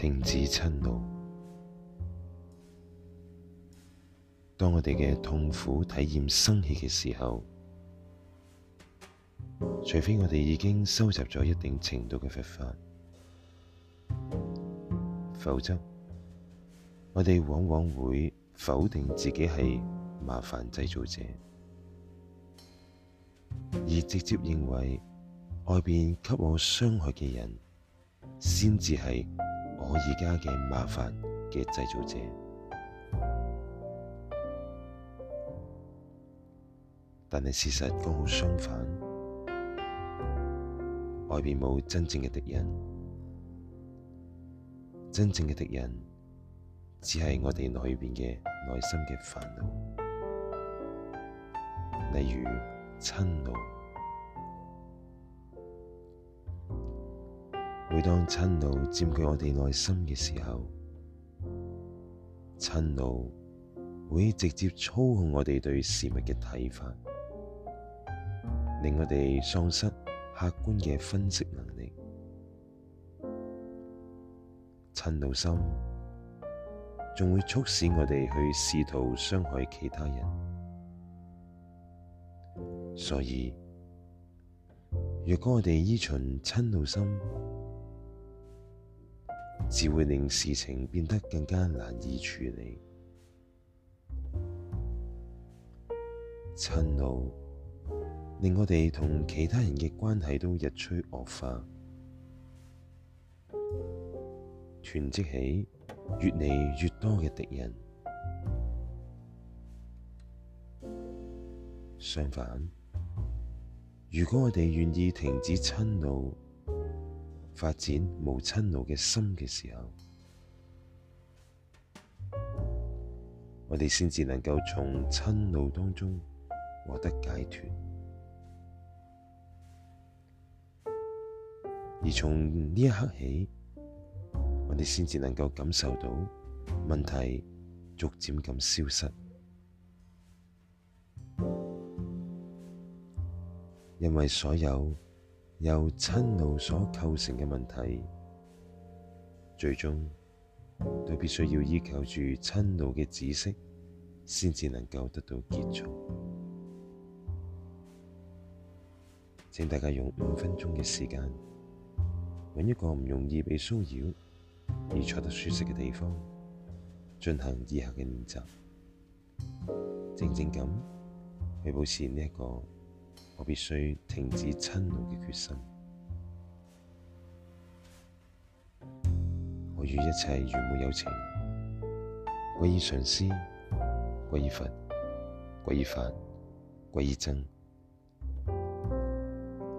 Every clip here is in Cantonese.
停止嗔怒。當我哋嘅痛苦體驗生起嘅時候，除非我哋已經收集咗一定程度嘅佛法，否則我哋往往會否定自己係麻煩製造者，而直接認為外面給我傷害嘅人先至係。我而家嘅麻煩嘅製造者，但係事實剛好相反，外邊冇真正嘅敵人，真正嘅敵人只係我哋裏邊嘅內心嘅煩惱，例如嗔怒。每當嗔怒佔據我哋內心嘅時候，嗔怒會直接操控我哋對事物嘅睇法，令我哋喪失客觀嘅分析能力。嗔怒心仲會促使我哋去試圖傷害其他人，所以若果我哋依循嗔怒心，只會令事情變得更加難以處理，嗔怒令我哋同其他人嘅關係都日趨惡化，囤積起越嚟越多嘅敵人。相反，如果我哋願意停止嗔怒，發展無嗔怒嘅心嘅時候，我哋先至能夠從嗔怒當中獲得解脫。而從呢一刻起，我哋先至能夠感受到問題逐漸咁消失，因為所有，由嗔怒所構成嘅問題，最終都必須要依靠住嗔怒嘅止息，先至能夠得到結束。請大家用五分鐘嘅時間，揾一個唔容易被騷擾而坐得舒適嘅地方，進行以下嘅練習，靜靜咁去保持呢、這、一個。我必須停止嗔怒嘅決心。我與一切如母有情，皈依上師，皈依佛，皈依法，皈依僧。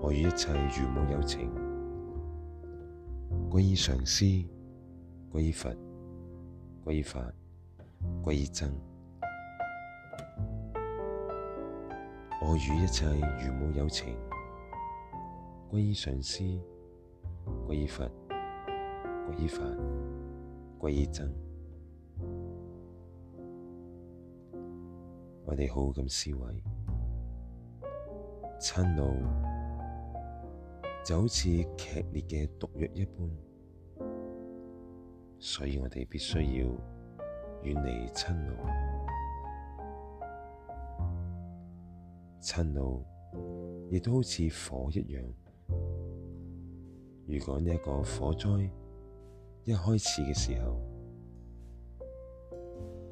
我與一切如母有情，皈依上師，皈依佛，皈依法，皈依僧。我與一切如母有情，皈依上師，皈依佛，皈依法，皈依僧。我哋好好咁思維，嗔怒就好似劇烈嘅毒藥一般，所以我哋必須要遠離嗔怒。嗔怒亦都好似火一樣。如果呢一個火災一開始嘅時候，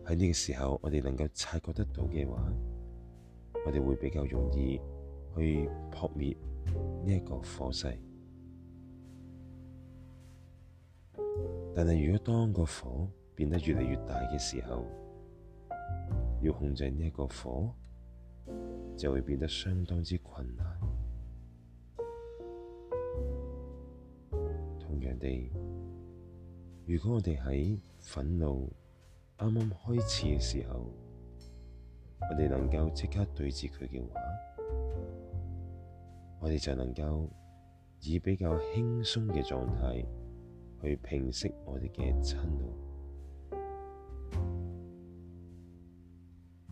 喺呢個時候我哋能夠察覺得到嘅話，我哋會比較容易去撲滅呢一個火勢。但係如果當個火變得越嚟越大嘅時候，要控制呢一個火，就會變得相當之困難。同樣地，如果我哋喺嗔怒啱啱開始嘅時候，我哋能夠即刻對治佢嘅話，我哋就能夠以比較輕鬆嘅狀態去平息我哋嘅嗔怒。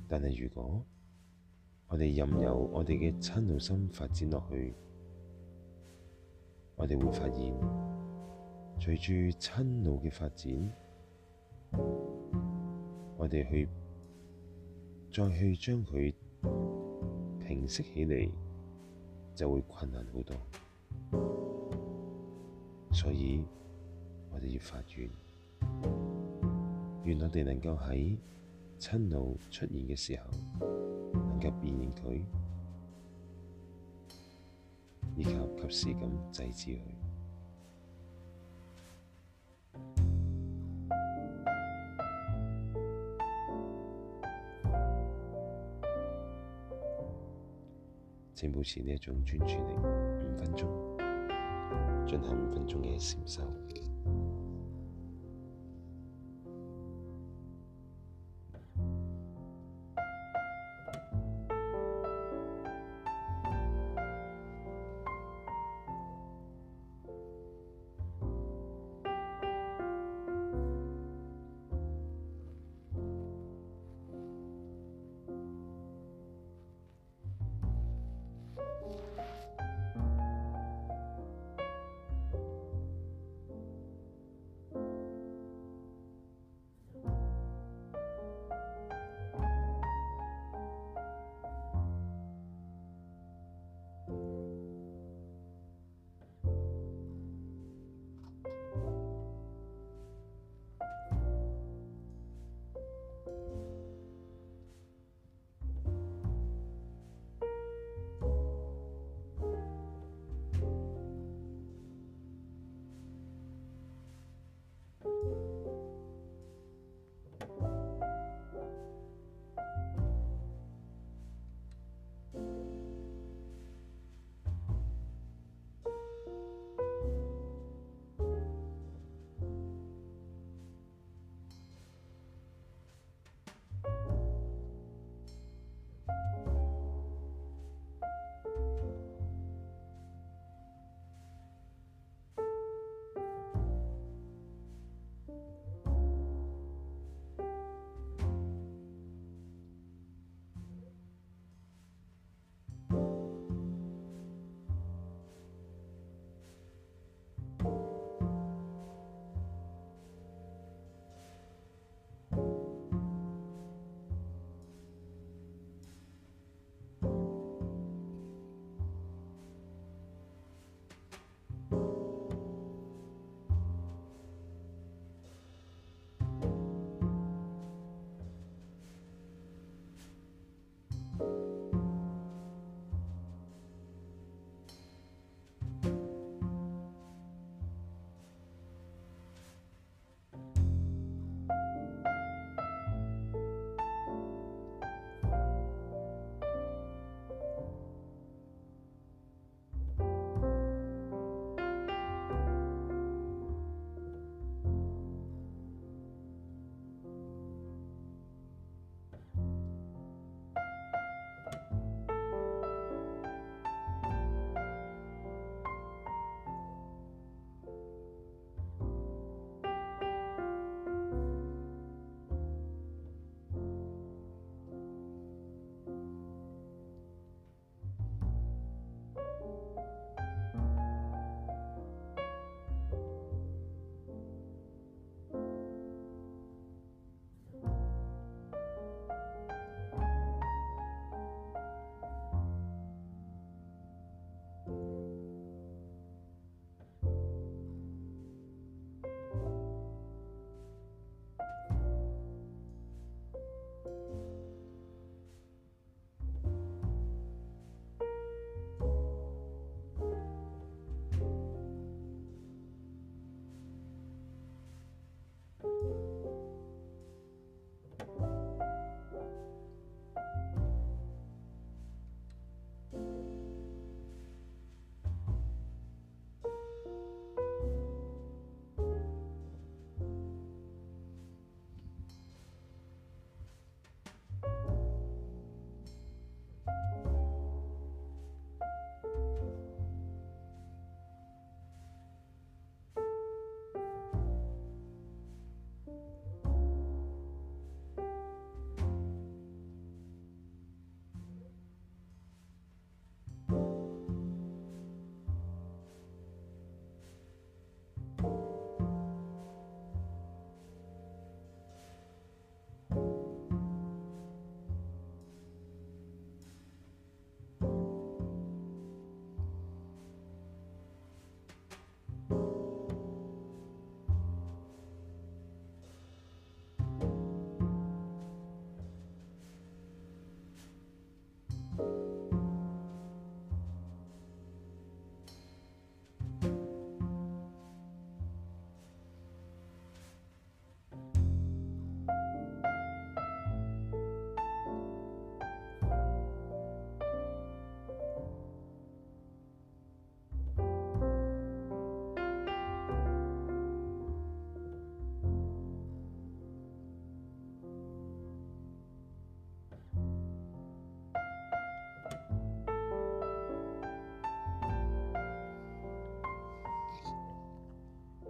但係如果我哋任由我哋嘅親怒心發展落去，我哋會發現，隨住嗔怒嘅發展，我哋去再去將佢平息起嚟，就會困難好多。所以，我哋要發願，願我哋能夠喺嗔怒出現嘅時候，以及辨認佢，以及及時咁制止佢， 請保持呢一種專注力五分鐘，進行五分鐘嘅禪修。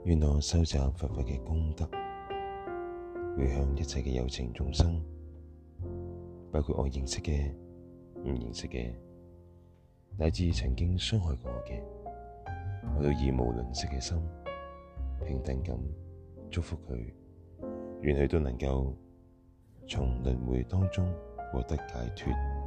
願我收集佛法嘅功德，回向一切嘅有情眾生，包括我認識嘅、唔認識嘅，乃至曾經傷害過我嘅，我都以無吝嗇嘅心，平等咁祝福佢，願佢都能夠從輪回當中獲得解脫。